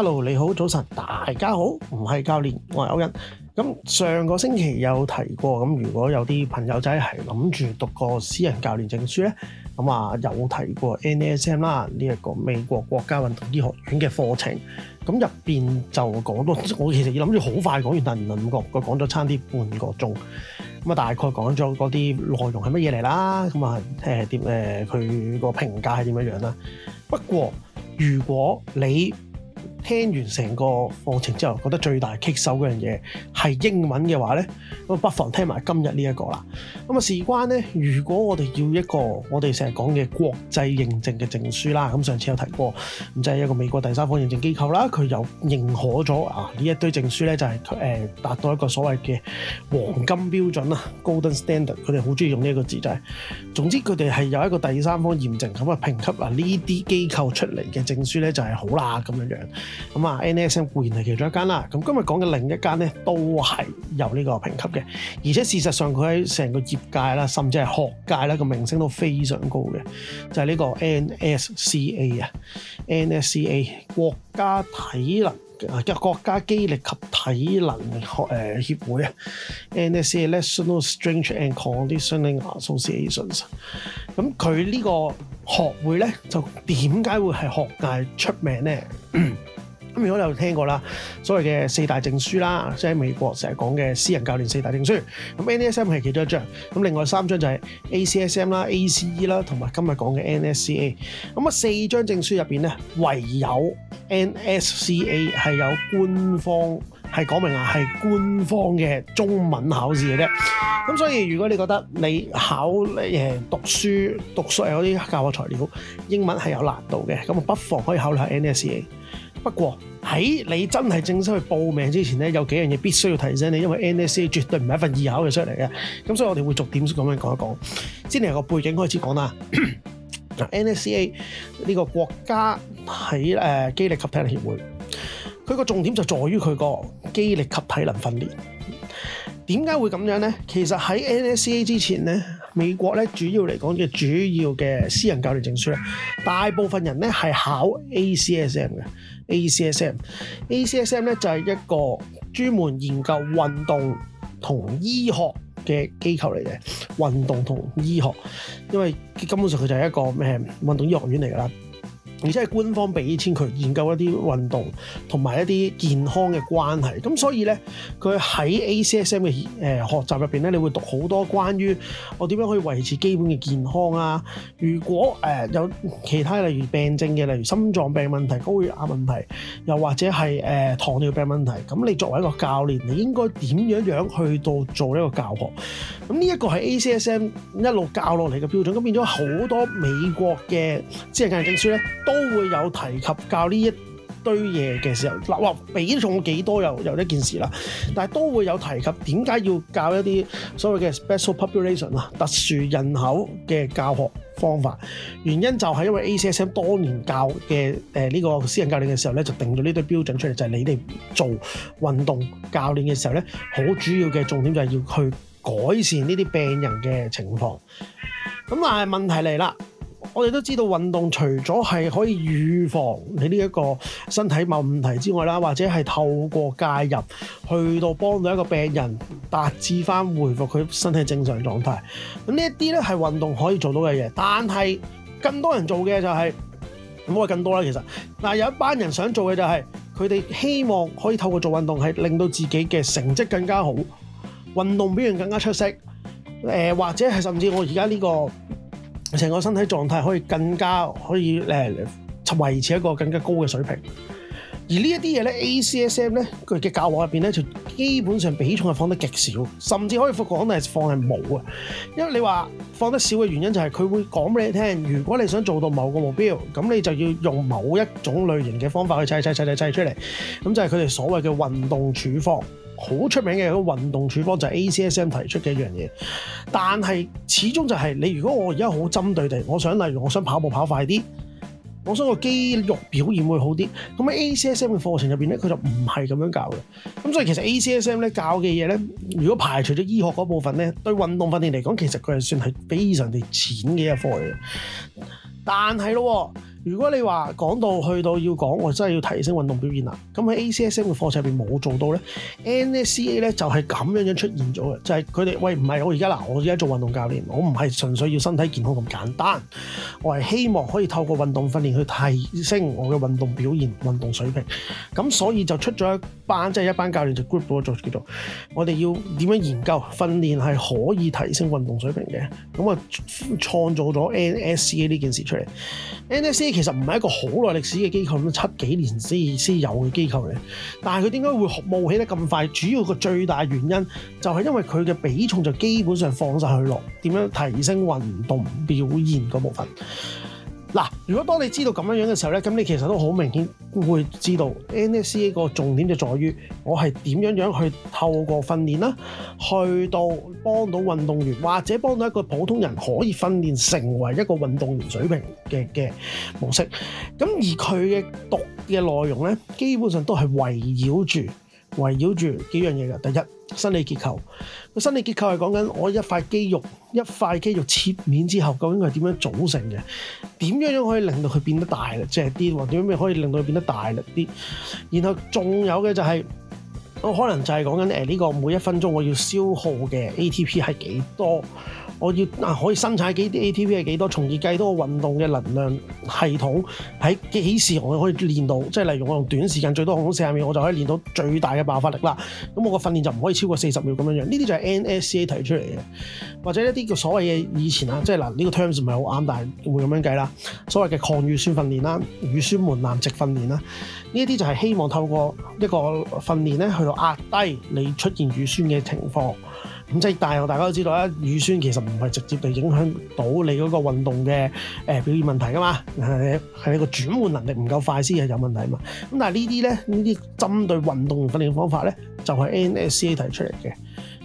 hello，你好，早晨，大家好，唔係教練，我係歐仁。咁上個星期有提過，咁如果有啲朋友仔係諗住讀個私人教練證書咧，咁啊有提過 NASM 啦，呢一個美國國家運動醫學院嘅課程。咁入邊就講到，我其實要諗住好快講完，但唔來五個佢講咗差啲半個鐘。咁啊，大概講咗嗰啲內容係乜嘢嚟啦？咁啊，誒點誒佢個評價係點樣樣啦？不過如果你聽完成個課程之後，覺得最大棘手嗰樣嘢係英文嘅話呢。咁不妨聽埋今日呢一個啦。咁啊，事關呢，如果我哋要一個我哋成日講嘅國際認證嘅證書啦，咁上次有提過，咁就係一個美國第三方認證機構啦，佢又認可咗啊呢一堆證書呢，就係誒達到一個所謂嘅黃金標準啦 （golden standard），佢哋好中意用呢一個字，就係總之佢哋係有一個第三方認證咁啊評級啊呢啲機構出嚟嘅證書呢，就係好啦咁樣樣。咁啊 NASM 固然係其中一間啦。咁今日講嘅另一間咧，都係有呢個評級嘅，而且事實上佢喺成個業界啦，甚至係學界咧，個名聲都非常高嘅。就係、是、呢個 NSCA 啊，NSCA 國家體能啊，即係國家肌力及體能學誒、呃、協會啊 NSCA National Strength and Conditioning Associations。咁佢呢個學會咧，就點解會係學界出名咧？嗯咁如果你有聽過啦，所謂嘅四大證書啦，即係美國成日講嘅私人教練四大證書。咁 NASM 係其中一張，咁另外三張就係 ACSM 啦、ACE 啦，同埋今日講嘅 NSCA。咁啊四張證書入邊咧，唯有 NSCA 係有官方係講明啊，係官方嘅中文考試嘅啫。咁所以如果你覺得你考誒讀書讀書有啲教學材料英文係有難度嘅，咁不妨可以考慮下 NSCA。不過喺你真係正式去報名之前咧，有幾樣嘢必須要提醒你，因為 N S C A 絕對唔係一份易考嘅出嚟嘅。咁所以我哋會逐點咁樣講一講，先由個背景開始講啦。嗱 ，N S C A 呢個國家喺誒，肌、呃、力及體能協會，佢個重點就在於佢個肌力及體能訓練。點解會咁樣咧？其實喺 N S C A 之前咧。美國咧主要嚟講嘅主要嘅私人教練證書咧，大部分人咧係考 ACSM 嘅，ACSM，ACSM 咧就係一個專門研究運動同醫學嘅機構嚟嘅，運動同醫學，因為根本上佢就係一個咩運動醫學院嚟㗎啦。而且係官方俾啲錢佢研究一啲運動同埋一啲健康嘅關係，咁所以咧，佢喺 ACSM 嘅誒、呃、學習入邊咧，你會讀好多關於我點樣可以維持基本嘅健康啊。如果誒、呃、有其他例如病症嘅，例如心臟病問題、高血壓問題，又或者係誒、呃、糖尿病問題，咁你作為一個教練，你應該點樣樣去到做一個教學？咁呢一個係 ACSM 一路教落嚟嘅標準，咁變咗好多美國嘅即係證書咧，都會有提及教呢一堆嘢嘅時候，嗱，話比重幾多少又又一件事啦，但係都會有提及點解要教一啲所謂嘅 special population 啊，特殊人口嘅教學方法，原因就係因為 ACSM 多年教嘅誒呢個私人教練嘅時候咧，就定咗呢堆標準出嚟，就係、是、你哋做運動教練嘅時候咧，好主要嘅重點就係要去改善呢啲病人嘅情況。咁但係問題嚟啦。我哋都知道運動除咗係可以預防你呢一個身體問題之外啦，或者係透過介入去到幫到一個病人達至翻恢復佢身體正常狀態。咁呢一啲咧係運動可以做到嘅嘢。但係更多人做嘅就係唔好話更多啦。其實嗱，但有一班人想做嘅就係佢哋希望可以透過做運動係令到自己嘅成績更加好，運動表現更加出色。誒、呃，或者係甚至我而家呢個。成個身體狀態可以更加可以維維持一個更加高嘅水平，而呢一啲嘢咧，ACSM 咧佢嘅教學入面咧就。基本上比重係放得極少，甚至可以講係放係冇啊。因為你話放得少嘅原因就係佢會講俾你聽，如果你想做到某個目標，咁你就要用某一種類型嘅方法去砌砌砌砌出嚟。咁就係佢哋所謂嘅運動處方，好出名嘅嗰個運動處方就係 ACSM 提出嘅一樣嘢。但係始終就係、是、你，如果我而家好針對地，我想例如我想跑步跑快啲。我想個肌肉表現會好啲。咁喺 ACSM 嘅課程入邊咧，佢就唔係咁樣教嘅。咁所以其實 ACSM 咧教嘅嘢咧，如果排除咗醫學嗰部分咧，對運動訓練嚟講，其實佢係算係非常之淺嘅一科嚟嘅。但係咯。如果你話講到去到要講，我真係要提升運動表現啦，咁喺 ACSM 嘅課程入邊冇做到咧，NSCA 咧就係咁樣樣出現咗嘅，就係佢哋喂，唔係我而家嗱，我而家做運動教練，我唔係純粹要身體健康咁簡單，我係希望可以透過運動訓練去提升我嘅運動表現、運動水平，咁所以就出咗一班即係、就是、一班教練就 group 咗做叫做，我哋要點樣研究訓練係可以提升運動水平嘅，咁啊創造咗 NSCA 呢件事出嚟，NSC。其實唔係一個好耐歷史嘅機構，七幾年先先有嘅機構嘅，但係佢點解會冒起得咁快？主要個最大原因就係因為佢嘅比重就基本上放晒去落點樣提升運動表現嗰部分。嗱，如果當你知道咁樣樣嘅時候咧，咁你其實都好明顯會知道 NSCA 個重點就在於我係點樣樣去透過訓練啦，去到幫到運動員或者幫到一個普通人可以訓練成為一個運動員水平嘅嘅模式。咁而佢嘅讀嘅內容咧，基本上都係圍繞住圍繞住幾樣嘢嘅。第一。生理結構，個生理結構係講緊我一塊肌肉一塊肌肉切面之後究竟佢係點樣組成嘅？點樣樣可以令到佢變得大力？即係啲點樣樣可以令到佢變得大力啲？然後仲有嘅就係、是、我可能就係講緊誒呢個每一分鐘我要消耗嘅 ATP 係幾多？我要啊可以生產幾啲 ATP 係幾多，從而計多個運動嘅能量系統喺幾時我可以練到，即係例如我用短時間最多用到四十秒，我就可以練到最大嘅爆發力啦。咁我個訓練就唔可以超過四十秒咁樣樣。呢啲就係 NSCA 提出嚟嘅，或者一啲叫所謂嘅以前啦即係嗱呢個 terms 唔係好啱，但係會咁樣計啦。所謂嘅抗乳酸訓練啦，乳酸門檻值訓練啦，呢一啲就係希望透過一個訓練咧，去到壓低你出現乳酸嘅情況。咁即係，大學大家都知道啦，乳酸其實唔係直接地影響到你嗰個運動嘅表現問題噶嘛，係係一個轉換能力唔夠快先係有問題嘛。咁但係呢啲咧，呢啲針對運動訓練嘅方法咧，就係 N S C A 提出嚟嘅。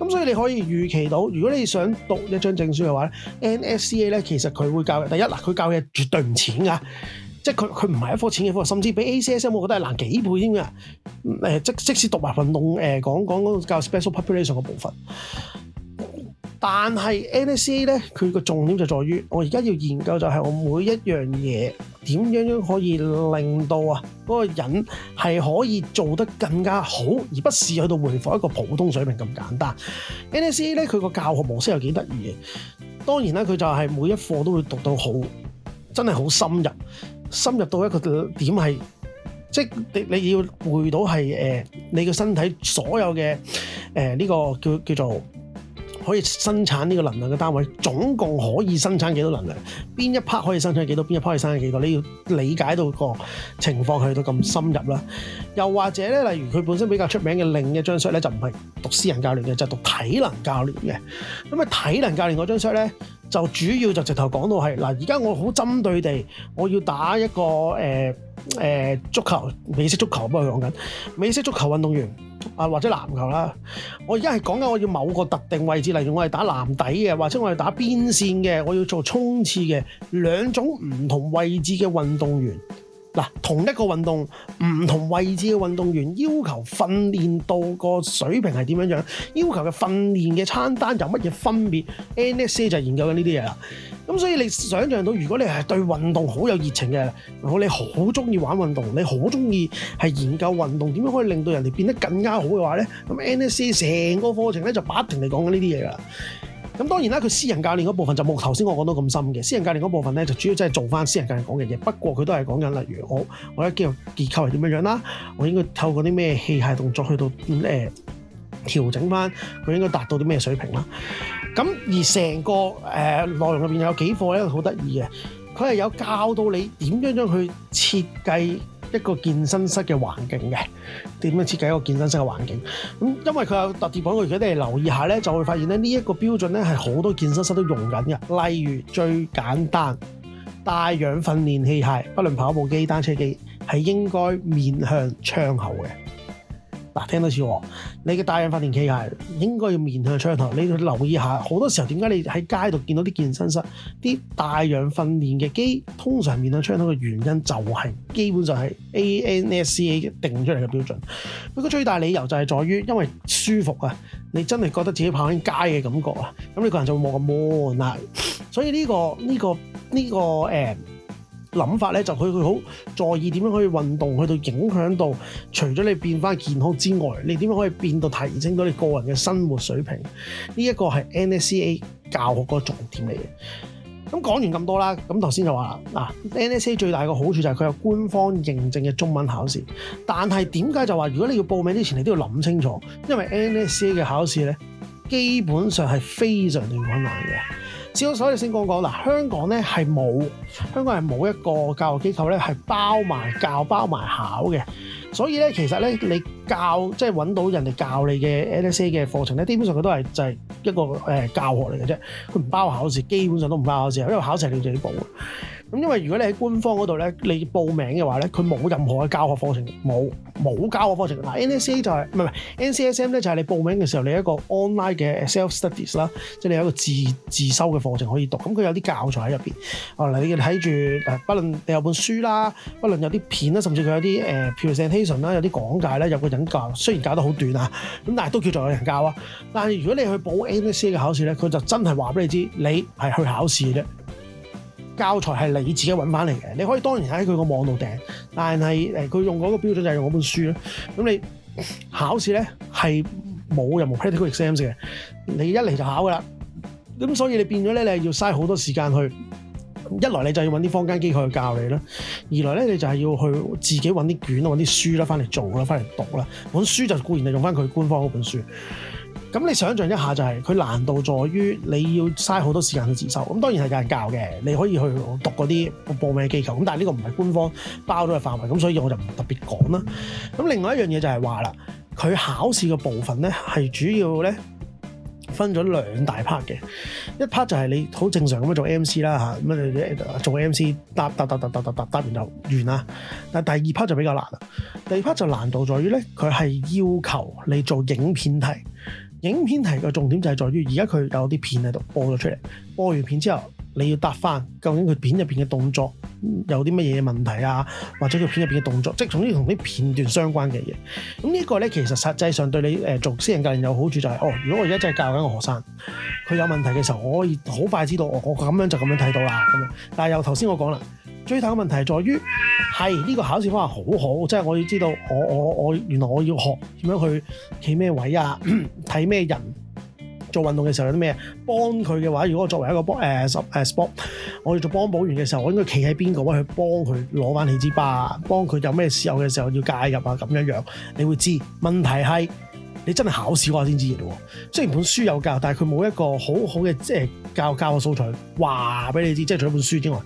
咁所以你可以預期到，如果你想讀一張證書嘅話咧，N S C A 咧其實佢會教嘅。第一嗱，佢教嘢絕對唔淺㗎。即係佢佢唔係一科淺嘅科，甚至比 ACSM 我覺得係難幾倍添嘅。誒、呃、即即使讀埋運動誒講講嗰個教 special population 嘅部分，但係 NSCA 咧，佢個重點就在於我而家要研究就係我每一樣嘢點樣樣可以令到啊嗰個人係可以做得更加好，而不是去到回復一個普通水平咁簡單。NSCA 咧佢個教學模式又幾得意嘅，當然啦，佢就係每一課都會讀到好真係好深入。深入到一個點係，即、就、係、是、你你要回到係誒、呃、你個身體所有嘅誒呢個叫叫做可以生產呢個能量嘅單位，總共可以生產幾多能量？邊一 part 可以生產幾多？邊一 part 可以生產幾多？你要理解到個情況去到咁深入啦。又或者咧，例如佢本身比較出名嘅另一張 show 咧，就唔係讀私人教練嘅，就是、讀體能教練嘅。咁、嗯、啊，體能教練嗰張 show 咧。就主要就直頭講到係嗱，而家我好針對地，我要打一個、呃呃、足球美式足球，不過講緊美式足球運動員啊，或者籃球啦。我而家係講緊我要某個特定位置，例如我係打籃底嘅，或者我係打邊線嘅，我要做衝刺嘅兩種唔同位置嘅運動員。嗱，同一個運動唔同位置嘅運動員要求訓練到個水平係點樣樣？要求嘅訓練嘅餐單有乜嘢分別？NSCA 就研究緊呢啲嘢啦。咁所以你想象到，如果你係對運動好有熱情嘅，如果你好中意玩運動，你好中意係研究運動點樣可以令到人哋變得更加好嘅話咧，咁 NSCA 成個課程咧就不停嚟講緊呢啲嘢噶啦。咁當然啦、啊，佢私人教練嗰部分就冇頭先我講到咁深嘅。私人教練嗰部分咧，就主要真係做翻私人教練講嘅嘢。不過佢都係講緊，例如我我肌肉結構係點樣樣啦，我應該透過啲咩器械動作去到誒、呃、調整翻佢應該達到啲咩水平啦。咁而成個誒、呃、內容入邊有幾課咧，好得意嘅。佢係有教到你點樣樣去設計。一個健身室嘅環境嘅，點樣設計一個健身室嘅環境。咁，因為佢有特別講過，如果你哋留意下咧，就會發現咧，呢一個標準咧，係好多健身室都用緊嘅。例如最簡單帶氧訓練器械，不論跑步機、單車機，係應該面向窗口嘅。嗱，聽多次喎，你嘅帶氧訓練器械應該要面向窗台。你要留意下，好多時候點解你喺街度見到啲健身室啲帶氧訓練嘅機，通常面向窗台嘅原因就係、是、基本上係 N S C A 定出嚟嘅標準。不過最大理由就係在於，因為舒服啊，你真係覺得自己跑緊街嘅感覺啊，咁你個人就會冇咁悶啦。所以呢、呢個呢、呢個呢、呢個誒。呃諗法咧，就佢佢好在意點樣可以運動去到影響到，除咗你變返健康之外，你點樣可以變到提升到你個人嘅生活水平？呢一個係 NSCA 教學個重點嚟嘅。咁講完咁多啦，咁頭先就話啦，嗱 NSCA 最大嘅好處就係佢有官方認證嘅中文考試，但係點解就話如果你要報名之前你都要諗清楚，因為 NSCA 嘅考試咧基本上係非常之困難嘅。之所以先講講嗱，香港咧係冇香港係冇一個教育機構咧係包埋教包埋考嘅，所以咧其實咧你教即係揾到人哋教你嘅 NSCA 嘅課程咧，基本上佢都係就係一個誒教學嚟嘅啫，佢唔包考試，基本上都唔包考試，因為考試係你自己報。咁因為如果你喺官方嗰度咧，你報名嘅話咧，佢冇任何嘅教學課程，冇冇教學課程。嗱，NSCA 就係、唔係、唔係唔 NASM 咧就係你報名嘅時候，你一個 online 嘅 self studies 啦，即係你有一個自自修嘅課程可以讀。咁佢有啲教材喺入面，哦，不你睇住，不論有本書啦，不論有啲片啦，甚至佢有啲、呃、presentation 啦，有啲講解啦，有個人教。雖然教得好短啊，咁但係都叫做有人教啊。但係如果你去報 NSCA 嘅考試咧，佢就真係話俾你知，你係去考試啫。教材係你自己揾翻嚟嘅，你可以當然喺佢個網度訂，但係誒佢用嗰個標準就係用嗰本書啦。咁你考試咧係冇任何 practical exams 嘅，你一嚟就考噶啦。咁所以變了你變咗咧，你係要嘥好多時間去。一來你就要揾啲坊間機構去教你啦，二來咧你就係要去自己揾啲卷、揾啲書啦，翻嚟做啦，翻嚟讀啦。本書就固然係用翻佢官方嗰本書。咁你想象一下就係佢難度在於你要嘥好多時間去自修，咁當然係有人教嘅，你可以去讀嗰啲報名機構，咁但係呢個唔係官方包咗嘅範圍，咁所以我就唔特別講啦。咁另外一樣嘢就係話啦，佢考試嘅部分咧係主要咧分咗兩大 part 嘅，一 part 就係你好正常咁樣做 MC 啦吓咁你做 MC 答,答答答答答答答完就完啦。但係第二 part 就比較難啦，第二 part 就難度在於咧佢係要求你做影片題。影片提嘅重點就係在於，而家佢有啲片喺度播咗出嚟，播完片之後。你要答翻究竟佢片入邊嘅動作有啲乜嘢問題啊？或者佢片入邊嘅動作，即係總之同啲片段相關嘅嘢。咁呢個咧其實實際上對你誒做私人教練有好處，就係哦，如果我而家真係教緊個學生，佢有問題嘅時候，我可以好快知道我我咁樣就咁樣睇到啦。咁樣，但係由頭先我講啦，最大嘅問題係在於係呢個考試方法好好，即係我要知道我我我原來我要學點樣去企咩位啊，睇咩 人。做運動嘅時候有啲咩？幫佢嘅話，如果我作為一個誒十、呃、誒 sport，我要做幫補員嘅時候，我應該企喺邊個位去幫佢攞翻起支巴，幫佢有咩事有嘅時候要介入啊咁樣樣，你會知。問題係，你真係考試嘅話先知嘅喎，雖然本書有教，但係佢冇一個好好嘅即係教教嘅素材話俾你知，即係除咗本書之外，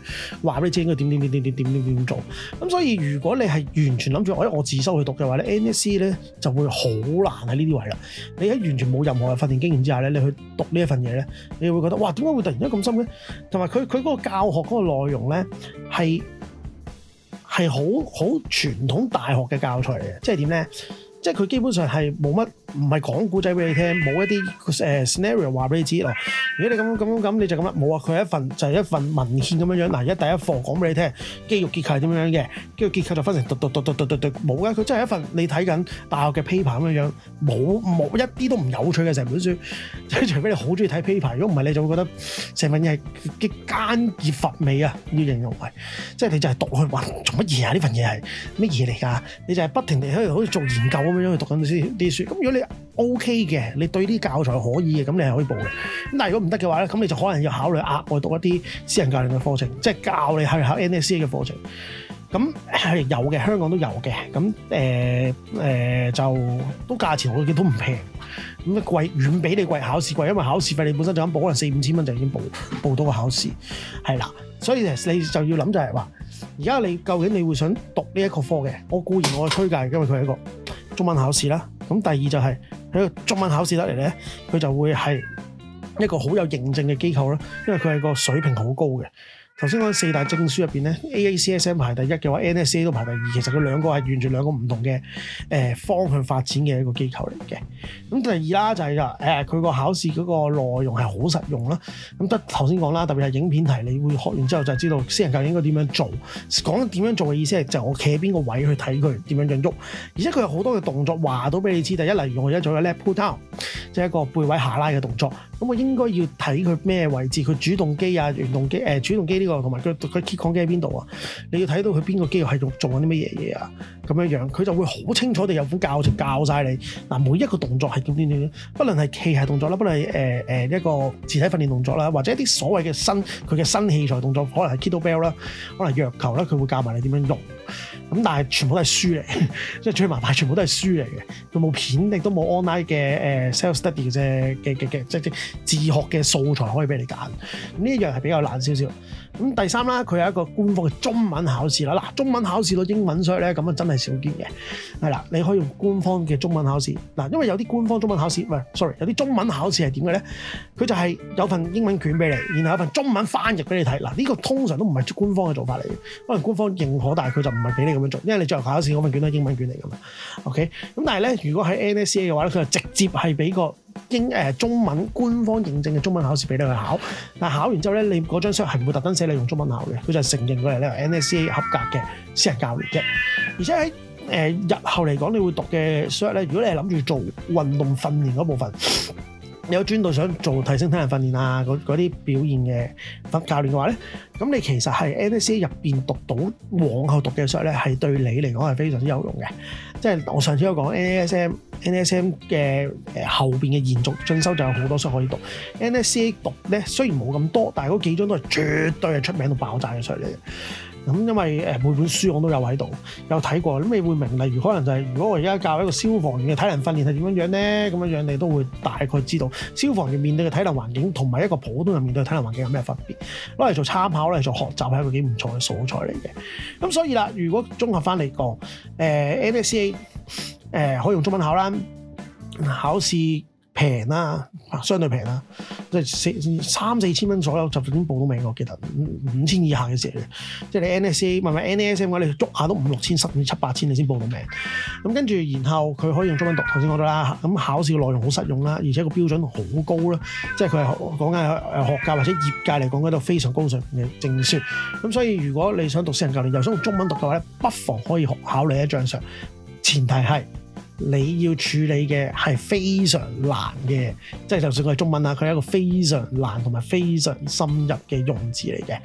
話俾你知應該點點點點點點點點做。咁所以如果你係完全諗住我我自修去讀嘅話咧，NSCA 咧就會好難喺呢啲位啦。你喺完全冇任何嘅訓練經驗之下咧，你去讀呢一份嘢咧，你會覺得哇，點解會突然間咁深嘅？同埋佢佢嗰個教學嗰個內容咧係係好好傳統大學嘅教材嚟嘅，即係點咧？即係佢基本上係冇乜。唔係講古仔俾你聽，冇一啲誒 scenario 話俾你知咯。如果你咁咁咁，你就咁啦，冇啊！佢係一份就係一份文獻咁樣樣。嗱，一第一課講俾你聽，肌肉結構係點樣樣嘅，肌肉結構就分成嘟嘟嘟嘟嘟嘟嘟，冇啊！佢真係一份你睇緊大學嘅 paper 咁樣樣，冇冇一啲都唔有趣嘅成本書。除除非你好中意睇 paper，如果唔係，你就會覺得成份嘢係極結乏味啊！要形容係，即係你就係讀佢話做乜嘢啊？呢份嘢係乜嘢嚟㗎？你就係不停地喺度好似做研究咁樣樣去讀緊啲啲書。咁如果你 O.K. 嘅，你對啲教材可以嘅，咁你係可以報嘅。咁但係如果唔得嘅話咧，咁你就可能要考慮額外讀一啲私人教練嘅課程，即係教你去考 NSCA 嘅課程。咁係有嘅，香港都有嘅。咁誒、呃呃、就都價錢我見都唔平，咁貴遠比你貴考試貴，因為考試費你本身就咁報可能四五千蚊就已經報報到個考試係啦。所以你就要諗就係話，而家你究竟你會想讀呢一個科嘅？我固然我推介，因為佢係一個中文考試啦。咁第二就係。喺中文考試得嚟咧，佢就會係一個好有認證嘅機構啦，因為佢係個水平好高嘅。頭先講四大證書入邊咧，ACSM 排第一嘅話，NSCA 都排第二。其實佢兩個係沿住兩個唔同嘅誒、呃、方向發展嘅一個機構嚟嘅。咁第二啦就係就誒佢個考試嗰個內容係好實用啦。咁得頭先講啦，特別係影片題，你會學完之後就知道私人究竟應該點樣做。講點樣做嘅意思係就我企喺邊個位去睇佢點樣運喐。而且佢有好多嘅動作話到俾你知。第一例如我而家做嘅 lat pull down，即係一個背位下拉嘅動作。咁我應該要睇佢咩位置，佢主動肌啊、原動肌誒、呃、主動肌。呢個同埋佢佢 key core 機喺邊度啊？你要睇到佢邊個肌肉係用做緊啲乜嘢嘢啊？咁樣樣佢就會好清楚地有副教就教晒你嗱，每一個動作係點點點，不論係器械動作啦，不論係誒誒一個自體訓練動作啦，或者一啲所謂嘅新佢嘅新器材動作，可能係 kettlebell 啦，可能藥球啦，佢會教埋你點樣用。咁但係全部都係書嚟，即係最麻煩，全部都係書嚟嘅，佢冇片亦都冇 online 嘅誒 self study 嘅嘅嘅即係自學嘅素材可以俾你揀，呢樣係比較難少少。咁第三啦，佢有一個官方嘅中文考試啦，嗱，中文考試到英文所以咧，咁啊真係少見嘅係啦。你可以用官方嘅中文考試，嗱，因為有啲官方中文考試，唔係，sorry，有啲中文考試係點嘅咧？佢就係有份英文卷俾你，然後有份中文翻譯俾你睇。嗱，呢個通常都唔係官方嘅做法嚟嘅，可能官方認可，但係佢就。唔係俾你咁樣做，因為你最後考考試嗰份卷都係英文卷嚟噶嘛。OK，咁但係咧，如果喺 N S C A 嘅話咧，佢就直接係俾個英誒中文官方認證嘅中文考試俾你去考。但係，考完之後咧，你嗰張 cert 係唔會特登寫你用中文考嘅，佢就係承認佢係咧 N S C A 合格嘅私人教練嘅。而且喺誒日後嚟講，你會讀嘅 cert 咧，如果你係諗住做運動訓練嗰部分。有專度想做提升體能訓練啊，嗰啲表現嘅訓教練嘅話咧，咁你其實係 NSCA 入邊讀到往後讀嘅術咧，係對你嚟講係非常之有用嘅。即係我上次都講 NASM NASM 嘅誒、呃、後邊嘅延續進修就有好多書可以讀，NSCA 讀咧雖然冇咁多，但係嗰幾張都係絕對係出名到爆炸嘅書嚟嘅。咁因為誒每本書我都有喺度，有睇過，咁你會明。例如可能就係、是、如果我而家教一個消防員嘅體能訓練係點樣樣咧，咁樣樣你都會大概知道消防員面對嘅體能環境同埋一個普通人面對嘅體能環境有咩分別。攞嚟做參考，攞嚟做學習係一個幾唔錯嘅素材嚟嘅。咁所以啦，如果綜合翻嚟講，誒、呃、NSCA。NSCA, 誒、呃、可以用中文考啦，考試平啦，相對平啦，即係四三四千蚊左右就已經報到名，我記得五千以下嘅時候，即係你 NSCA 唔係 NSCA 嘅話，NASM, 你捉下都五六千、十五七八千你先報到名。咁跟住，然後佢可以用中文讀，頭先講到啦。咁考試嘅內容好實用啦，而且個標準好高啦，即係佢係講緊誒學界或者業界嚟講嗰度非常高尚嘅證書。咁所以如果你想讀私人教練，又想用中文讀嘅話咧，不妨可以考慮一張相。前提係。你要處理嘅係非常難嘅，即係就算佢係中文啦，佢係一個非常難同埋非常深入嘅用詞嚟嘅。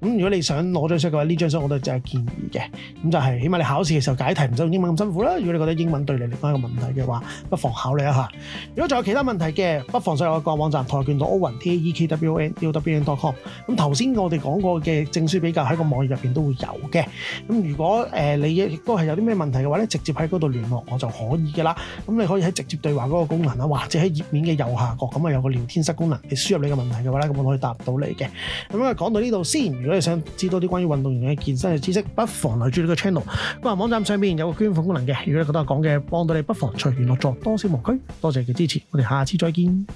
咁如果你想攞張書嘅話，呢張相我都係真係建議嘅。咁就係，起碼你考試嘅時候解題唔使用英文咁辛苦啦。如果你覺得英文對你嚟講有問題嘅話，不妨考慮一下。如果仲有其他問題嘅，不妨上我個網站跆拳道歐文 T A E K W N W N dot com。咁頭先我哋講過嘅證書比較喺個網頁入邊都會有嘅。咁如果誒你亦都係有啲咩問題嘅話咧，直接喺嗰度聯絡我就可以嘅啦。咁你可以喺直接對話嗰個功能啊，或者喺頁面嘅右下角咁啊有個聊天室功能，你輸入你嘅問題嘅話咧，咁我可以答到你嘅。咁啊講到呢度先。如果你想知道啲關於運動員嘅健身嘅知識，不妨留住呢個 channel。咁啊，網站上面有個捐款功能嘅。如果你覺得我講嘅幫到你，不妨隨緣樂助，多少無拘。多謝你嘅支持，我哋下次再見。